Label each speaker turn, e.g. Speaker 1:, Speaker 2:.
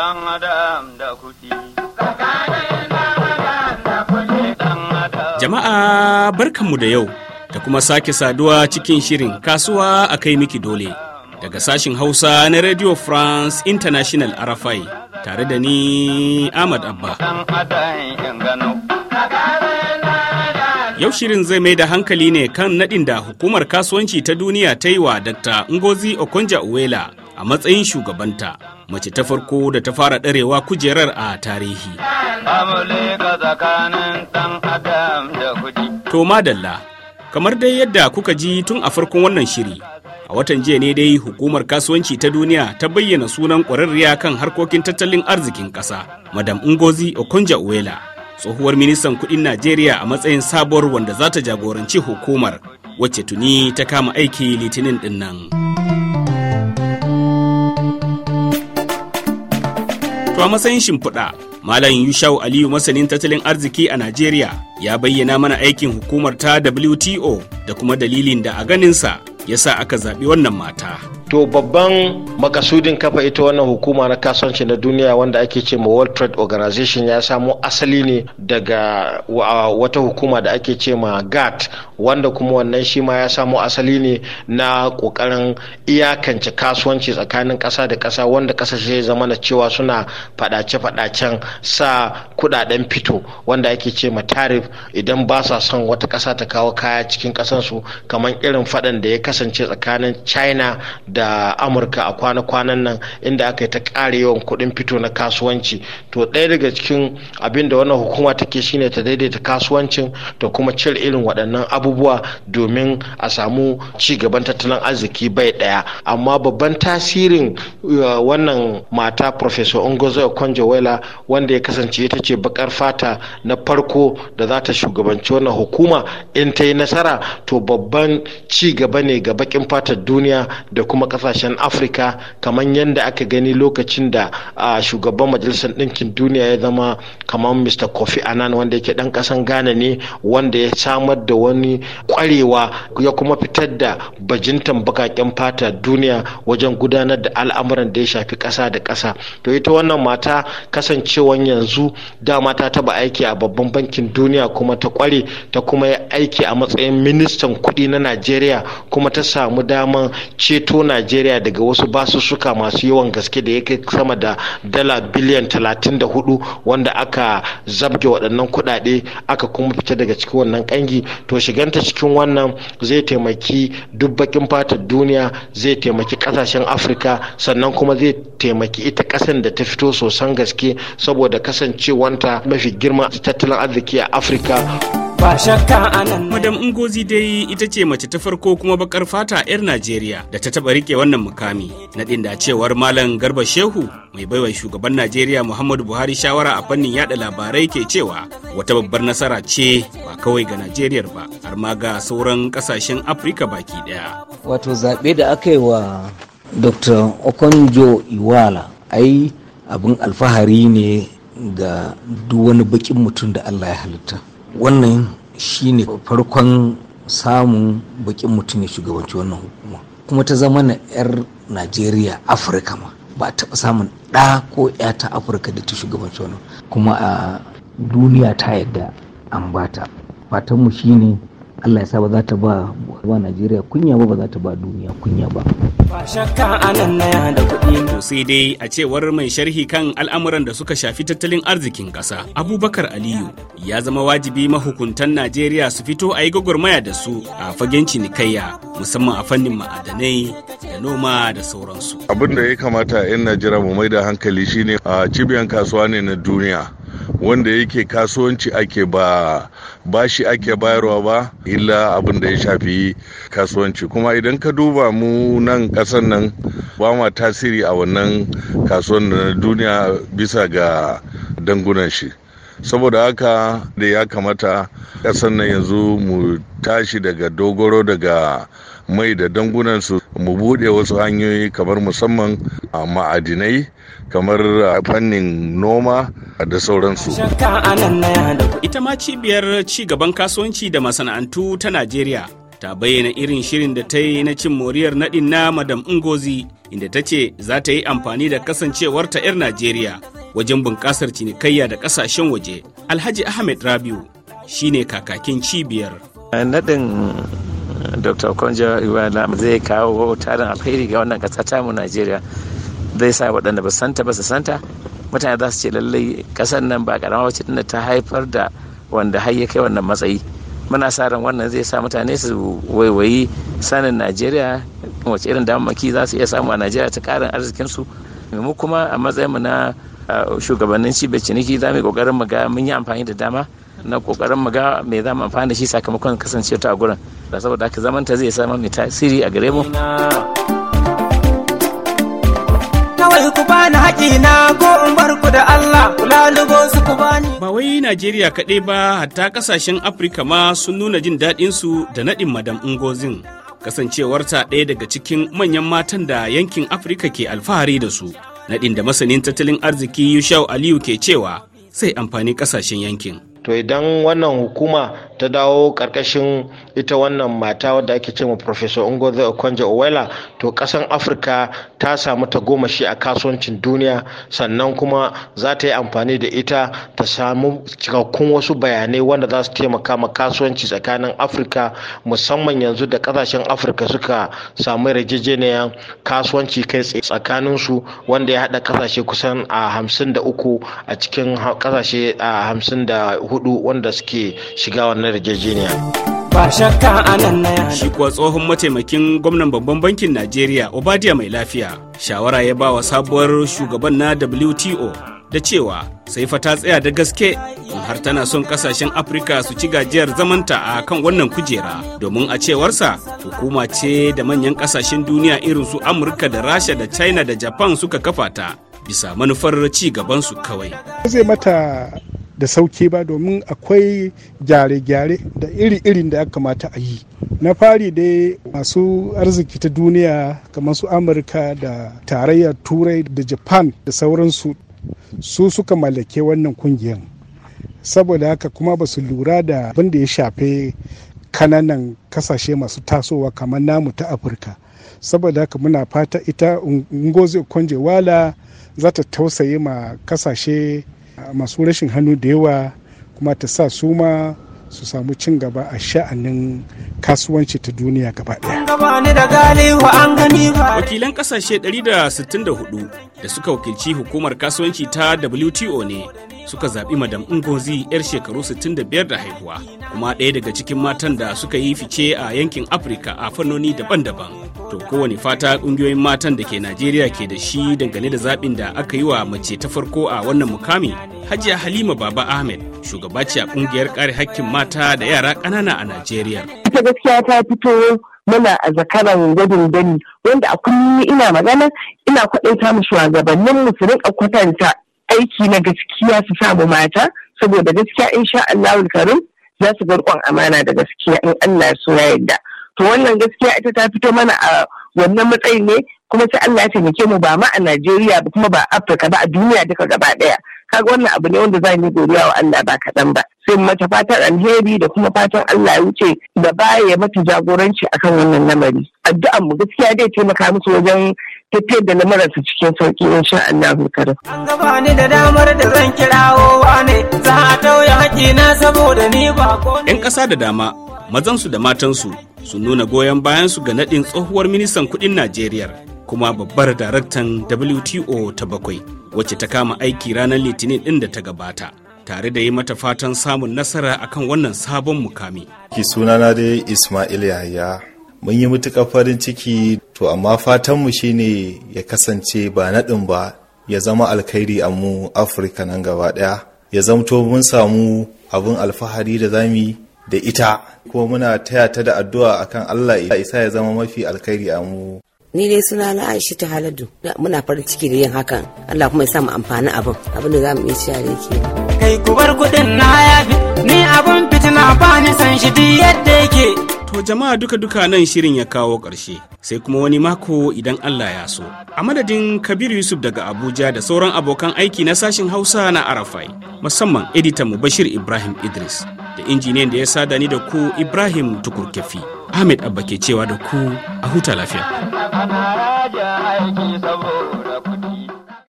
Speaker 1: dan adam da Jama'a barkanmu da yau da kuma sake saduwa cikin shirin kasuwa a kai miki dole daga sashin Hausa na Radio France International RFI tare da ni Ahmad Abba. Yau shirin zai mai da hankali ne kan naɗin da hukumar kasuwanci ta duniya ta yi wa Dr. Ngozi okonja uwela a matsayin shugabanta mace ta farko da ta fara ɗarewa kujerar a tarihi. To madalla, kamar dai yadda kuka ji tun a farkon wannan shiri, a watan jiya ne dai hukumar kasuwanci ta duniya ta bayyana sunan ƙwararriya kan harkokin tattalin arzikin ƙasa, Madam Ngozi Okonja-Iweala, tsohuwar ministan kuɗin Najeriya a matsayin sabuwar wanda za ta jagoranci hukumar, wacce tuni ta kama aiki litinin ɗin kwa matsayin shimfiɗa, Malam Yushau Aliyu masanin tattalin arziki a Najeriya ya bayyana mana aikin hukumar ta WTO da kuma dalilin da a ganinsa ya sa aka zaɓi wannan mata.
Speaker 2: To babban makasudin kafa ita wannan hukuma na kasuwanci na duniya wanda ake ce ma World Trade Organization ya samo asali ne daga wata hukuma da ake ce ma GATT wanda kuma wannan shi ma ya samo asali ne na kokarin iyakance kasuwanci tsakanin kasa da kasa wanda ya zama na cewa suna fadace-fadacen sa kudaden fito wanda ake ce ma tarif idan ba sa son wata kasa ta kawo kaya cikin kasansu kamar irin fadan da ya kasance tsakanin china da amurka a kwana-kwanan nan inda aka yi ta ƙara yawan kuɗin fito na kasuwanci to ɗaya daga cikin abin da wannan hukuma take shine ta daidaita kasuwancin ta kuma cire irin waɗannan abubuwa abubuwa domin a samu ci gaban tattalin arziki bai daya amma babban tasirin uh, wannan mata professor Ungozo wela wanda ya kasance ita ce bakar fata na farko da za ta shugabanci wannan hukuma in ta yi nasara to babban ci gaba ne ga bakin fatar duniya da kuma kasashen afirka kamar yadda aka gani lokacin da uh, shugaban majalisar ɗinkin duniya ya zama kamar mr kofi annan wanda yake ɗan ƙasan ghana ne wanda ya samar da wani kwarewa ya kuma fitar da bajintan bakaken fata duniya wajen gudanar da al'amuran da ya shafi ƙasa da ƙasa to ita wannan mata kasancewan yanzu dama ta taba aiki a babban bankin duniya kuma ta kware ta kuma ya aiki a matsayin ministan kuɗi na najeriya kuma ta samu daman ceto najeriya daga wasu basussuka masu yawan gaske da ya kai sama da dala biliyan talatin da hudu wanda aka zabge waɗannan kuɗaɗe aka kuma fita daga cikin wannan ƙangi to shigan shiganta cikin wannan zai taimaki duk baƙin fatar duniya zai taimaki kasashen afirka sannan kuma zai taimaki ita kasan da ta fito sosan gaske saboda kasancewanta mafi girma tattalin arziki a afirka
Speaker 1: ba shakka anan. Madam Ngozi dai ita ce mace ta farko kuma bakar fata 'yar Najeriya da ta taba rike wannan mukami. naɗin da cewar Malam Garba Shehu mai baiwa shugaban Najeriya Muhammadu Buhari shawara a fannin yada labarai ke cewa wata babbar nasara ce ba kawai ga Najeriya ba har ma ga sauran kasashen Afirka baki ɗaya. Wato zaɓe da aka yi wa Dr. Okonjo Iwala ai abin alfahari ne ga duk wani bakin mutum da Allah ya halitta. wannan shi ne farkon samun bakin mutum ya shugabanci wannan hukuma kuma ta zama na 'yar najeriya afirka ma ba taɓa samun ɗa ko 'ya ta afirka da ta shugabanci wannan kuma a duniya ta yadda an bata fatanmu shi ne allah ya sa ba za ta ba ba najeriya kunya ba ba za ta ba duniya kunya ba ba shakka anan na da kuɗi to sai dai a cewar mai sharhi kan al'amuran da suka shafi tattalin arzikin ƙasa abubakar aliyu ya zama wajibi mahukuntan Najeriya su fito a yi gwagwarmaya da su a fagen cinikayya musamman a fannin ma'adanai da noma da sauransu.
Speaker 2: Abin da ya kamata 'yan Najeriya mu mai da hankali shine a cibiyar kasuwa ne na duniya. wanda yake kasuwanci ake ba bashi ake bayarwa ba illa abin da ya shafi kasuwanci kuma idan ka duba mu nan kasan nan ba ma tasiri a wannan kasuwan na duniya bisa ga dangunan shi saboda haka da ya kamata kasan nan yanzu mu tashi daga dogoro daga mai da dangunansu mu buɗe wasu hanyoyi kamar musamman a ma'adinai kamar fannin noma da sauransu.
Speaker 1: Ita ma cibiyar ci gaban kasuwanci da masana'antu ta Najeriya ta bayyana irin shirin da ta yi na cin moriyar naɗin na Madam Ngozi inda ta ce za ta yi amfani da kasancewarta 'yar Najeriya wajen bunƙasar cinikayya da ƙasashen waje alhaji ahmed rabiu shine kakakin cibiyar eh, naɗin eh, dr konjo iwala zai kawo tarin alheri ga wannan ƙasa tamu najeriya zai sa waɗanda ba santa ba su santa mutane za su ce lallai ƙasar nan ba ƙarama wacce tunda ta haifar da wanda har ya kai wannan matsayi muna sa ran wannan zai sa mutane su waiwayi sanin najeriya wace irin damammaki za su iya samu a najeriya ta ƙarin arzikinsu mu kuma a matsayinmu na shugabannin bai ciniki za mu kokarin mu ga mun yi amfani da dama na kokarin mu ga me za mu amfani da shi sakamakon kasance ta gurin da saboda haka zamanta zai samu mai tasiri a gare mu kawai ku bani na ko in bar da Allah su ku bani. Ba wai Najeriya kaɗai ba hatta ƙasashen Afirka ma sun nuna jin daɗin su da naɗin Madam ungozin Kasancewarta ɗaya daga cikin manyan matan da yankin Afirka ke alfahari da su. Naɗin da masanin tattalin arziki Yushau Aliyu ke cewa sai amfani ƙasashen yankin.
Speaker 2: To idan wannan hukuma ta dawo karkashin ita wannan mata wadda ake cewa professor Ngozi Okonjo owela to kasan Afirka ta samu ta tagomashi a kasuwancin duniya sannan kuma za ta yi amfani da ita ta samu cikakkun wasu bayanai wanda za su taimaka ma kasuwanci tsakanin Afirka musamman yanzu da kasashen Afirka suka samu yarjejeniyar kasuwanci kai tsaye tsakanin su wanda ya hada kasashe kusan a hamsin da uku a cikin kasashe a hamsin da hudu wanda suke shiga wannan yarjejeniya.
Speaker 1: Ba shakka nan na Shi
Speaker 2: kuwa tsohon mataimakin gwamnan babban
Speaker 1: bankin Najeriya Obadiya mai lafiya shawara ya ba wa sabuwar shugaban na WTO da cewa sai fa ta tsaya da gaske in har tana son kasashen Afirka su ci gajiyar zamanta a kan wannan kujera domin a cewarsa hukuma ce da manyan kasashen duniya irin su Amurka da Rasha da China da Japan suka kafa ta bisa manufar ci gabansu kawai. Zai mata da sauki ba domin akwai gyare-gyare da iri-irin da ya kamata a yi na fari dai masu arziki ta duniya kamar su amurka da tarayyar turai da japan da sauransu su suka mallake wannan kungiyar saboda haka kuma ba su lura da abin da ya shafe kananan kasashe masu tasowa kamar namu ta afirka saboda haka muna fata ita ngozi okonjo za ta tausaye ma kasashe masu rashin hannu da yawa kuma ta sa su ma su samu cin gaba a sha'anin kasuwanci ta duniya gaba ɗaya. Wakilan kasashe 164 da suka wakilci hukumar kasuwanci ta WTO ne suka zaɓi Madam Ngozi 'yar shekaru 65 da haihuwa kuma ɗaya daga cikin matan da suka yi fice a yankin Afirka a fannoni daban-daban. to kowane fata kungiyoyin matan da ke najeriya ke da shi dangane da zaɓin da aka yi wa mace ta farko a wannan mukami hajiya halima baba ahmed shugaba ce a kungiyar kare hakkin mata da yara ƙanana a najeriya ita gaskiya ta fito mana a zakaran gwajin gani, wanda a kullum ina magana ina kwaɗaita mu shugabannin mu su rinka kwatanta aiki na gaskiya su samu mata saboda gaskiya insha Allahul Karim za su bar amana da gaskiya in Allah so ya yarda. to wannan gaskiya ita ta fito mana a wannan matsayin ne kuma sai Allah ya taimake mu ba ma a Najeriya ba kuma ba Afirka ba a duniya duka gaba daya kaga wannan abu ne wanda za yi godiya wa Allah ba kaɗan ba sai mata fatan alheri da kuma fatan Allah ya wuce da baya mata jagoranci akan wannan lamari addu'an mu gaskiya dai taimaka musu wajen tafiyar da lamarin su cikin sauki sha Allah kada an gaba ni da damar da zan kirawo wane za a tauya haƙi saboda ni ba ko ne ƙasa da dama mazansu da matansu sun nuna goyon bayan su ga naɗin tsohuwar ministan kuɗin Najeriya kuma babbar daraktan WTO ta bakwai wacce ta kama aiki ranar litinin ɗin da ta gabata tare da yi mata fatan samun nasara akan wannan sabon
Speaker 2: mukami. Ki sunana dai Ismail Yahya mun yi mutuƙar farin ciki to amma fatanmu shine ya kasance ba naɗin ba ya zama alkhairi a mu Afirka nan gaba ɗaya ya zamto mun samu abin alfahari da zamu da ita kuma muna taya ta da addu'a akan Allah isa ya zama mafi alkhairi a
Speaker 1: mu ni dai suna na Aisha ta Haladu muna farin ciki da yin hakan Allah kuma ya sa mu amfani abin abin da za mu yi shi da yake kai kubar kudin na ni abin fitina ba
Speaker 2: ni san shi duk yadda
Speaker 1: yake To jama'a duka-duka nan shirin ya kawo karshe sai kuma wani mako idan Allah ya so. A madadin Kabiru Yusuf daga Abuja da sauran abokan aiki na sashin Hausa na Arafai, musamman editan mu Bashir Ibrahim Idris. da injiniyan da ya sada ni da ku Ibrahim Tukurkefi. Ahmed Abba ke cewa da ku a huta lafiya.